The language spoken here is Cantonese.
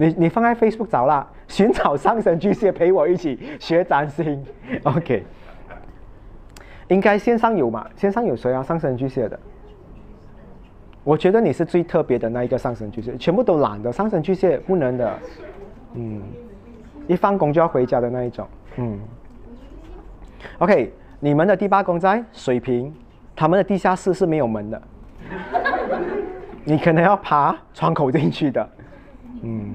你你放在 Facebook 找啦，尋找上升巨蟹陪我一起學占星，OK。應該綫上有嘛？綫上有誰啊？上升巨蟹的，我覺得你是最特別的那一個。上升巨蟹，全部都懶的上升巨蟹不能的，嗯，一放工就要回家的那一種。嗯。OK，你們的第八宮在水瓶，他們的地下室是沒有門的， 你可能要爬窗口進去的，嗯。